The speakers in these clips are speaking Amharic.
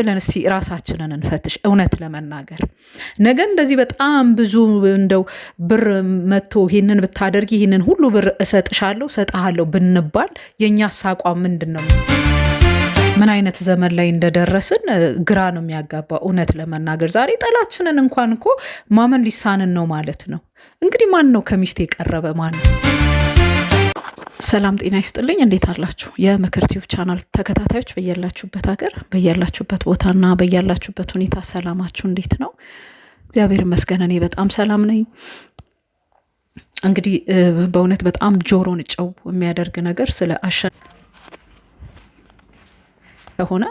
ብለን እስቲ ራሳችንን እንፈትሽ። እውነት ለመናገር ነገ እንደዚህ በጣም ብዙ እንደው ብር መጥቶ ይህንን ብታደርጊ ይህንን ሁሉ ብር እሰጥሻለሁ እሰጥሃለሁ ብንባል የእኛስ አቋም ምንድን ነው? ምን አይነት ዘመን ላይ እንደደረስን ግራ ነው የሚያጋባ። እውነት ለመናገር ዛሬ ጠላችንን እንኳን እኮ ማመን ሊሳንን ነው ማለት ነው። እንግዲህ ማን ነው ከሚስት የቀረበ ማን ነው? ሰላም ጤና ይስጥልኝ። እንዴት አላችሁ? የምክር ቲዩብ ቻናል ተከታታዮች በያላችሁበት ሀገር በያላችሁበት ቦታና በያላችሁበት ሁኔታ ሰላማችሁ እንዴት ነው? እግዚአብሔር ይመስገን እኔ በጣም ሰላም ነኝ። እንግዲህ በእውነት በጣም ጆሮን ጨው የሚያደርግ ነገር ስለ ከሆነ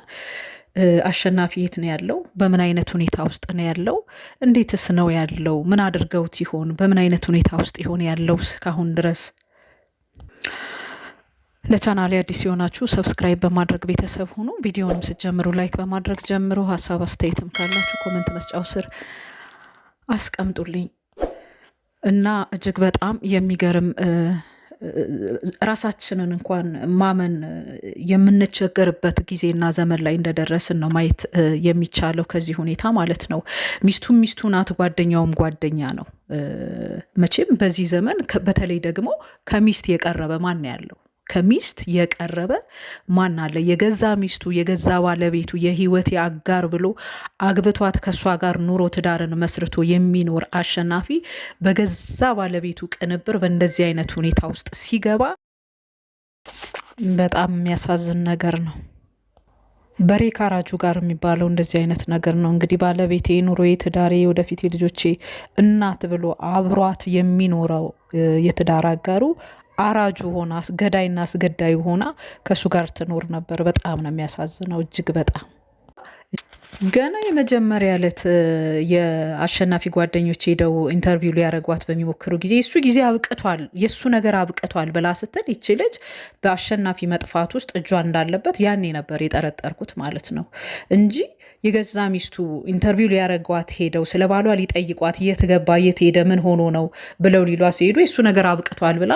አሸናፊ የት ነው ያለው? በምን አይነት ሁኔታ ውስጥ ነው ያለው? እንዴትስ ነው ያለው? ምን አድርገውት ይሆን? በምን አይነት ሁኔታ ውስጥ ይሆን ያለው እስካሁን ድረስ ለቻናል አዲስ የሆናችሁ ሰብስክራይብ በማድረግ ቤተሰብ ሁኑ። ቪዲዮንም ስትጀምሩ ላይክ በማድረግ ጀምሮ ሀሳብ አስተያየትም ካላችሁ ኮመንት መስጫው ስር አስቀምጡልኝ እና እጅግ በጣም የሚገርም ራሳችንን እንኳን ማመን የምንቸገርበት ጊዜና ዘመን ላይ እንደደረስን ነው ማየት የሚቻለው ከዚህ ሁኔታ ማለት ነው። ሚስቱም ሚስቱ ናት፣ ጓደኛውም ጓደኛ ነው። መቼም በዚህ ዘመን በተለይ ደግሞ ከሚስት የቀረበ ማን ያለው ከሚስት የቀረበ ማን አለ? የገዛ ሚስቱ የገዛ ባለቤቱ የህይወት አጋር ብሎ አግብቷት ከእሷ ጋር ኑሮ ትዳርን መስርቶ የሚኖር አሸናፊ በገዛ ባለቤቱ ቅንብር በእንደዚህ አይነት ሁኔታ ውስጥ ሲገባ በጣም የሚያሳዝን ነገር ነው። በሬ ካራጁ ጋር የሚባለው እንደዚህ አይነት ነገር ነው። እንግዲህ ባለቤቴ፣ ኑሮዬ፣ ትዳሬ፣ ወደፊት ልጆቼ እናት ብሎ አብሯት የሚኖረው የትዳር አጋሩ አራጁ ሆና ገዳይና አስገዳዩ ሆና ከእሱ ጋር ትኖር ነበር። በጣም ነው የሚያሳዝነው፣ እጅግ በጣም ገና የመጀመሪያ ዕለት የአሸናፊ ጓደኞች ሄደው ኢንተርቪው ሊያደረጓት በሚሞክሩ ጊዜ የሱ ጊዜ አብቅቷል፣ የእሱ ነገር አብቅቷል ብላ ስትል ይቺ ልጅ በአሸናፊ መጥፋት ውስጥ እጇ እንዳለበት ያኔ ነበር የጠረጠርኩት ማለት ነው እንጂ የገዛ ሚስቱ ኢንተርቪው ሊያደረጓት ሄደው ስለ ባሏ ሊጠይቋት የት ገባ፣ የት ሄደ፣ ምን ሆኖ ነው ብለው ሊሏ ሲሄዱ የእሱ ነገር አብቅቷል ብላ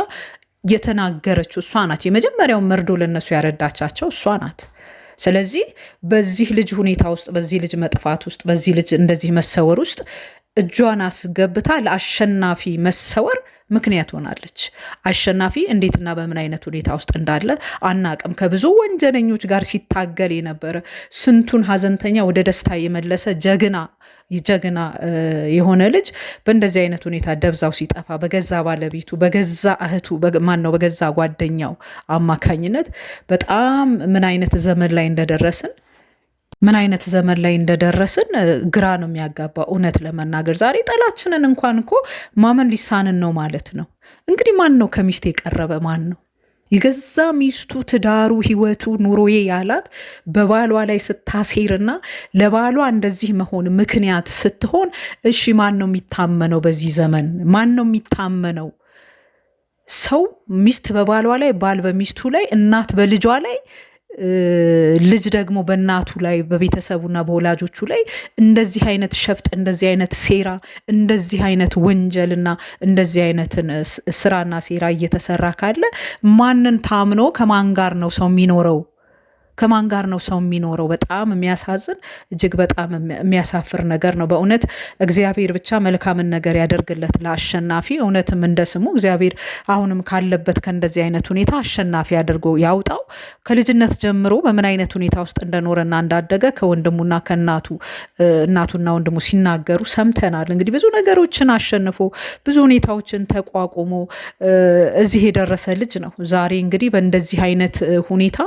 የተናገረችው እሷ ናት። የመጀመሪያውን መርዶ ለነሱ ያረዳቻቸው እሷ ናት። ስለዚህ በዚህ ልጅ ሁኔታ ውስጥ በዚህ ልጅ መጥፋት ውስጥ በዚህ ልጅ እንደዚህ መሰወር ውስጥ እጇን አስገብታ ለአሸናፊ መሰወር ምክንያት ሆናለች። አሸናፊ እንዴትና በምን አይነት ሁኔታ ውስጥ እንዳለ አናቅም። ከብዙ ወንጀለኞች ጋር ሲታገል የነበረ ስንቱን ሀዘንተኛ ወደ ደስታ የመለሰ ጀግና ጀግና የሆነ ልጅ በእንደዚህ አይነት ሁኔታ ደብዛው ሲጠፋ በገዛ ባለቤቱ በገዛ እህቱ ማነው በገዛ ጓደኛው አማካኝነት በጣም ምን አይነት ዘመን ላይ እንደደረስን ምን አይነት ዘመን ላይ እንደደረስን ግራ ነው የሚያጋባ። እውነት ለመናገር ዛሬ ጠላችንን እንኳን እኮ ማመን ሊሳንን ነው ማለት ነው። እንግዲህ ማን ነው ከሚስት የቀረበ? ማን ነው የገዛ ሚስቱ ትዳሩ፣ ህይወቱ፣ ኑሮዬ ያላት በባሏ ላይ ስታሴርና ለባሏ እንደዚህ መሆን ምክንያት ስትሆን፣ እሺ ማን ነው የሚታመነው? በዚህ ዘመን ማን ነው የሚታመነው? ሰው ሚስት በባሏ ላይ፣ ባል በሚስቱ ላይ፣ እናት በልጇ ላይ ልጅ ደግሞ በእናቱ ላይ በቤተሰቡና በወላጆቹ ላይ እንደዚህ አይነት ሸፍጥ፣ እንደዚህ አይነት ሴራ፣ እንደዚህ አይነት ወንጀልና እንደዚህ አይነትን ስራና ሴራ እየተሰራ ካለ ማንን ታምኖ ከማን ጋር ነው ሰው የሚኖረው? ከማን ጋር ነው ሰው የሚኖረው? በጣም የሚያሳዝን እጅግ በጣም የሚያሳፍር ነገር ነው። በእውነት እግዚአብሔር ብቻ መልካምን ነገር ያደርግለት ለአሸናፊ። እውነትም እንደ ስሙ እግዚአብሔር አሁንም ካለበት ከእንደዚህ አይነት ሁኔታ አሸናፊ አድርጎ ያውጣው። ከልጅነት ጀምሮ በምን አይነት ሁኔታ ውስጥ እንደኖረና እንዳደገ ከወንድሙና ከእናቱ እናቱና ወንድሙ ሲናገሩ ሰምተናል። እንግዲህ ብዙ ነገሮችን አሸንፎ ብዙ ሁኔታዎችን ተቋቁሞ እዚህ የደረሰ ልጅ ነው። ዛሬ እንግዲህ በእንደዚህ አይነት ሁኔታ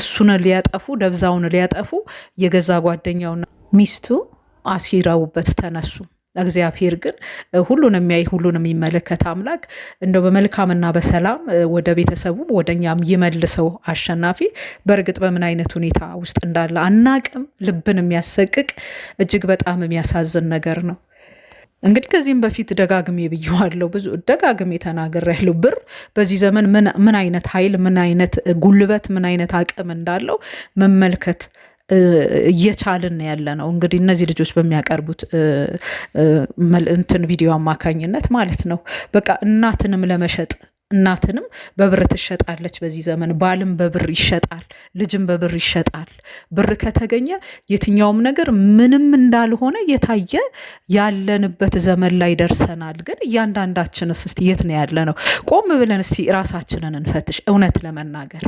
እሱን ሊያጠፉ ደብዛውን ሊያጠፉ የገዛ ጓደኛውና ሚስቱ አሲረውበት ተነሱ። እግዚአብሔር ግን ሁሉን የሚያይ ሁሉን የሚመለከት አምላክ እንደው በመልካምና በሰላም ወደ ቤተሰቡ ወደ እኛም ይመልሰው። አሸናፊ በእርግጥ በምን አይነት ሁኔታ ውስጥ እንዳለ አናቅም። ልብን የሚያሰቅቅ እጅግ በጣም የሚያሳዝን ነገር ነው። እንግዲህ ከዚህም በፊት ደጋግሜ ብየዋለሁ፣ ብዙ ደጋግሜ ያለው ብር በዚህ ዘመን ምን አይነት ኃይል፣ ምን አይነት ጉልበት፣ ምን አይነት አቅም እንዳለው መመልከት እየቻልን ያለ ነው። እንግዲህ እነዚህ ልጆች በሚያቀርቡት መልእንትን ቪዲዮ አማካኝነት ማለት ነው። በቃ እናትንም ለመሸጥ እናትንም በብር ትሸጣለች በዚህ ዘመን። ባልም በብር ይሸጣል፣ ልጅም በብር ይሸጣል። ብር ከተገኘ የትኛውም ነገር ምንም እንዳልሆነ የታየ ያለንበት ዘመን ላይ ደርሰናል። ግን እያንዳንዳችንስ እስቲ የት ነው ያለ ነው? ቆም ብለን እስቲ ራሳችንን እንፈትሽ። እውነት ለመናገር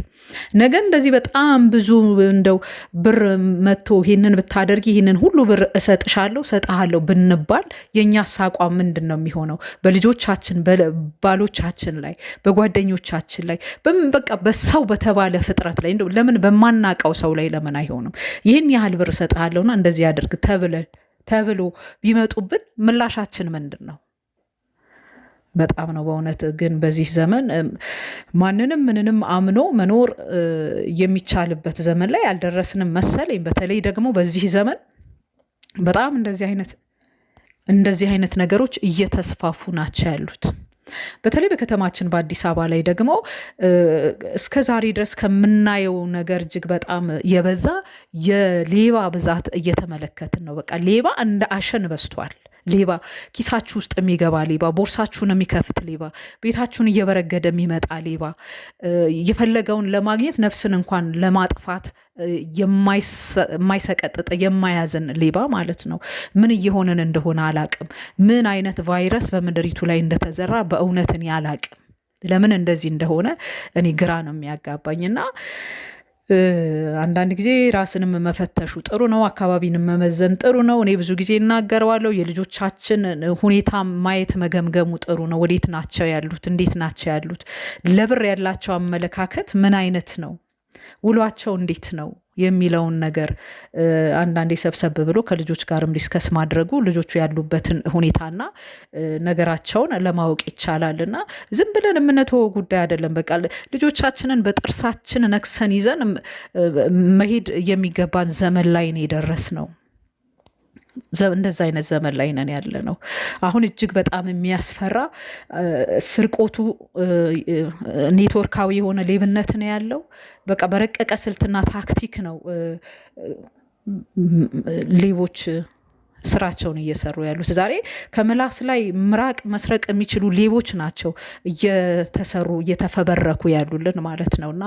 ነገ እንደዚህ በጣም ብዙ እንደው ብር መጥቶ ይህንን ብታደርጊ ይህንን ሁሉ ብር እሰጥሻለሁ እሰጥሃለሁ ብንባል የእኛ አቋም ምንድን ነው የሚሆነው? በልጆቻችን ባሎቻችን ላይ በጓደኞቻችን ላይ በምን በቃ በሰው በተባለ ፍጥረት ላይ እንደው ለምን በማናቀው ሰው ላይ ለምን አይሆንም? ይህን ያህል ብር እሰጥሃለሁና እንደዚህ ያደርግ ተብለ ተብሎ ቢመጡብን ምላሻችን ምንድን ነው? በጣም ነው በእውነት ግን በዚህ ዘመን ማንንም ምንንም አምኖ መኖር የሚቻልበት ዘመን ላይ አልደረስንም መሰለኝ። በተለይ ደግሞ በዚህ ዘመን በጣም እንደዚህ አይነት እንደዚህ አይነት ነገሮች እየተስፋፉ ናቸው ያሉት። በተለይ በከተማችን በአዲስ አበባ ላይ ደግሞ እስከ ዛሬ ድረስ ከምናየው ነገር እጅግ በጣም የበዛ የሌባ ብዛት እየተመለከትን ነው። በቃ ሌባ እንደ አሸን በዝቷል። ሌባ፣ ኪሳችሁ ውስጥ የሚገባ ሌባ፣ ቦርሳችሁን የሚከፍት ሌባ፣ ቤታችሁን እየበረገደ የሚመጣ ሌባ፣ የፈለገውን ለማግኘት ነፍስን እንኳን ለማጥፋት የማይሰቀጥጥ የማያዝን ሌባ ማለት ነው። ምን እየሆንን እንደሆነ አላቅም። ምን አይነት ቫይረስ በምድሪቱ ላይ እንደተዘራ በእውነትን ያላቅም። ለምን እንደዚህ እንደሆነ እኔ ግራ ነው የሚያጋባኝ እና አንዳንድ ጊዜ ራስንም መፈተሹ ጥሩ ነው። አካባቢንም መመዘን ጥሩ ነው። እኔ ብዙ ጊዜ እናገረዋለሁ። የልጆቻችን ሁኔታ ማየት መገምገሙ ጥሩ ነው። ወዴት ናቸው ያሉት? እንዴት ናቸው ያሉት? ለብር ያላቸው አመለካከት ምን አይነት ነው? ውሏቸው እንዴት ነው? የሚለውን ነገር አንዳንዴ ሰብሰብ ብሎ ከልጆች ጋርም ዲስከስ ማድረጉ ልጆቹ ያሉበትን ሁኔታና ነገራቸውን ለማወቅ ይቻላል እና ዝም ብለን የምንተወው ጉዳይ አይደለም። በቃ ልጆቻችንን በጥርሳችን ነክሰን ይዘን መሄድ የሚገባን ዘመን ላይ ነው የደረስ ነው። እንደዛ አይነት ዘመን ላይ ነን ያለ ነው። አሁን እጅግ በጣም የሚያስፈራ ስርቆቱ ኔትወርካዊ የሆነ ሌብነት ነው ያለው። በቃ በረቀቀ ስልትና ታክቲክ ነው ሌቦች ስራቸውን እየሰሩ ያሉት ዛሬ ከምላስ ላይ ምራቅ መስረቅ የሚችሉ ሌቦች ናቸው እየተሰሩ እየተፈበረኩ ያሉልን ማለት ነው። እና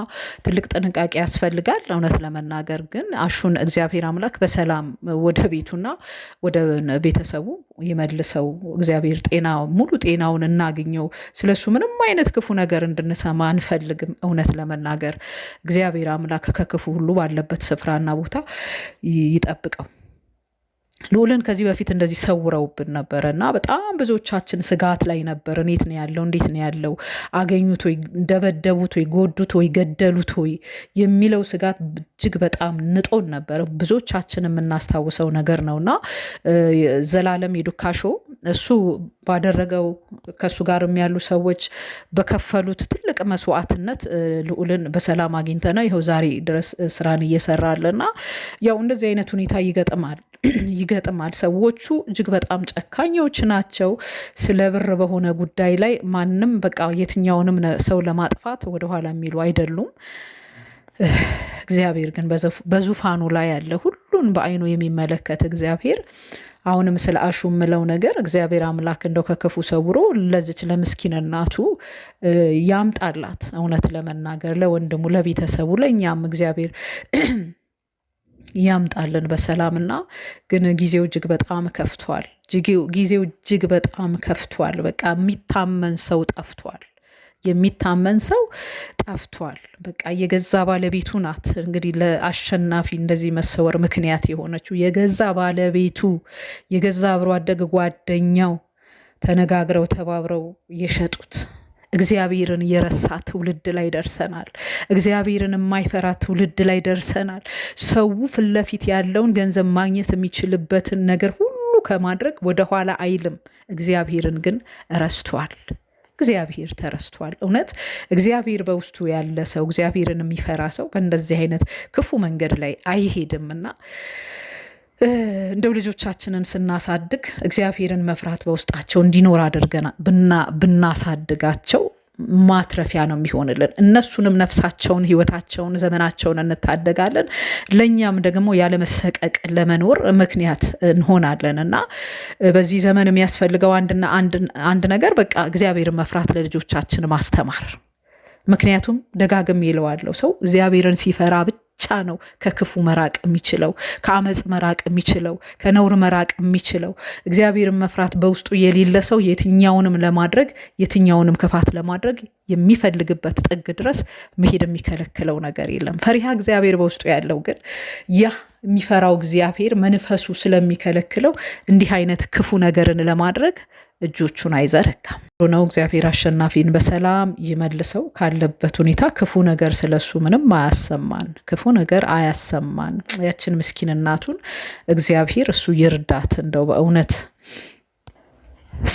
ትልቅ ጥንቃቄ ያስፈልጋል። እውነት ለመናገር ግን አሹን እግዚአብሔር አምላክ በሰላም ወደ ቤቱና ወደ ቤተሰቡ ይመልሰው። እግዚአብሔር ጤና ሙሉ ጤናውን እናግኘው። ስለሱ ምንም አይነት ክፉ ነገር እንድንሰማ አንፈልግም። እውነት ለመናገር እግዚአብሔር አምላክ ከክፉ ሁሉ ባለበት ስፍራና ቦታ ይጠብቀው። ልዑልን ከዚህ በፊት እንደዚህ ሰውረውብን ነበረ እና በጣም ብዙዎቻችን ስጋት ላይ ነበር። እኔት ነው ያለው? እንዴት ነው ያለው? አገኙት ወይ? ደበደቡት ወይ? ጎዱት ወይ? ገደሉት ወይ? የሚለው ስጋት እጅግ በጣም ንጦን ነበረ። ብዙዎቻችን የምናስታውሰው ነገር ነው እና ዘላለም የዱካሾ? እሱ ባደረገው ከእሱ ጋርም ያሉ ሰዎች በከፈሉት ትልቅ መስዋዕትነት ልዑልን በሰላም አግኝተ ነው ይኸው ዛሬ ድረስ ስራን እየሰራልና ያው እንደዚህ አይነት ሁኔታ ይገጥማል ይገጥማል። ሰዎቹ እጅግ በጣም ጨካኞች ናቸው። ስለ ብር በሆነ ጉዳይ ላይ ማንም በቃ የትኛውንም ሰው ለማጥፋት ወደኋላ የሚሉ አይደሉም። እግዚአብሔር ግን በዙፋኑ ላይ ያለ ሁሉን በአይኑ የሚመለከት እግዚአብሔር አሁንም ስለ አሹ የምለው ነገር እግዚአብሔር አምላክ እንደው ከክፉ ሰውሮ ለዚች ለምስኪን እናቱ ያምጣላት። እውነት ለመናገር ለወንድሙ ለቤተሰቡ ለእኛም እግዚአብሔር ያምጣልን በሰላምና ግን ጊዜው እጅግ በጣም ከፍቷል። ጊዜው እጅግ በጣም ከፍቷል። በቃ የሚታመን ሰው ጠፍቷል። የሚታመን ሰው ጠፍቷል። በቃ የገዛ ባለቤቱ ናት እንግዲህ ለአሸናፊ እንደዚህ መሰወር ምክንያት የሆነችው የገዛ ባለቤቱ የገዛ አብሮ አደግ ጓደኛው ተነጋግረው ተባብረው የሸጡት። እግዚአብሔርን የረሳ ትውልድ ላይ ደርሰናል። እግዚአብሔርን የማይፈራ ትውልድ ላይ ደርሰናል። ሰው ፊት ለፊት ያለውን ገንዘብ ማግኘት የሚችልበትን ነገር ሁሉ ከማድረግ ወደኋላ አይልም። እግዚአብሔርን ግን ረስቷል። እግዚአብሔር ተረስቷል። እውነት እግዚአብሔር በውስጡ ያለ ሰው እግዚአብሔርን የሚፈራ ሰው በእንደዚህ አይነት ክፉ መንገድ ላይ አይሄድምና እንደው ልጆቻችንን ስናሳድግ እግዚአብሔርን መፍራት በውስጣቸው እንዲኖር አድርገና ብናሳድጋቸው ማትረፊያ ነው የሚሆንልን። እነሱንም ነፍሳቸውን፣ ህይወታቸውን፣ ዘመናቸውን እንታደጋለን። ለእኛም ደግሞ ያለመሰቀቅ ለመኖር ምክንያት እንሆናለን እና በዚህ ዘመን የሚያስፈልገው አንድና አንድ ነገር በቃ እግዚአብሔርን መፍራት ለልጆቻችን ማስተማር ምክንያቱም ደጋግም ይለዋለው ሰው እግዚአብሔርን ሲፈራ ብቻ ብቻ ነው ከክፉ መራቅ የሚችለው፣ ከአመፅ መራቅ የሚችለው፣ ከነውር መራቅ የሚችለው። እግዚአብሔርን መፍራት በውስጡ የሌለ ሰው የትኛውንም ለማድረግ የትኛውንም ክፋት ለማድረግ የሚፈልግበት ጥግ ድረስ መሄድ የሚከለክለው ነገር የለም። ፈሪሃ እግዚአብሔር በውስጡ ያለው ግን ያ የሚፈራው እግዚአብሔር መንፈሱ ስለሚከለክለው እንዲህ አይነት ክፉ ነገርን ለማድረግ እጆቹን አይዘረጋም ነው። እግዚአብሔር አሸናፊን በሰላም ይመልሰው ካለበት ሁኔታ ክፉ ነገር ስለሱ ምንም አያሰማን፣ ክፉ ነገር አያሰማን። ያችን ምስኪን እናቱን እግዚአብሔር እሱ ይርዳት። እንደው በእውነት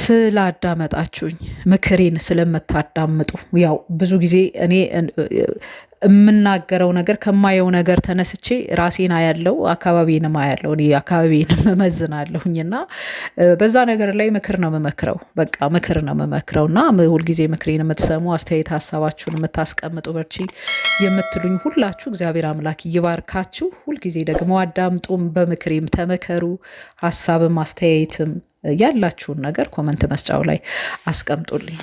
ስላዳመጣችሁኝ ምክሬን ስለምታዳምጡ ያው ብዙ ጊዜ እኔ የምናገረው ነገር ከማየው ነገር ተነስቼ ራሴን አያለው፣ አካባቢ አያለው፣ እኔ አካባቢንም እና በዛ ነገር ላይ ምክር ነው የምመክረው። በቃ ምክር ነው የምመክረው እና ሁልጊዜ ምክሬን የምትሰሙ አስተያየት፣ ሀሳባችሁን የምታስቀምጡ በርቺ የምትሉኝ ሁላችሁ እግዚአብሔር አምላክ ይባርካችሁ። ሁልጊዜ ደግሞ አዳምጡም፣ በምክሬም ተመከሩ። ሀሳብም አስተያየትም ያላችሁን ነገር ኮመንት መስጫው ላይ አስቀምጡልኝ።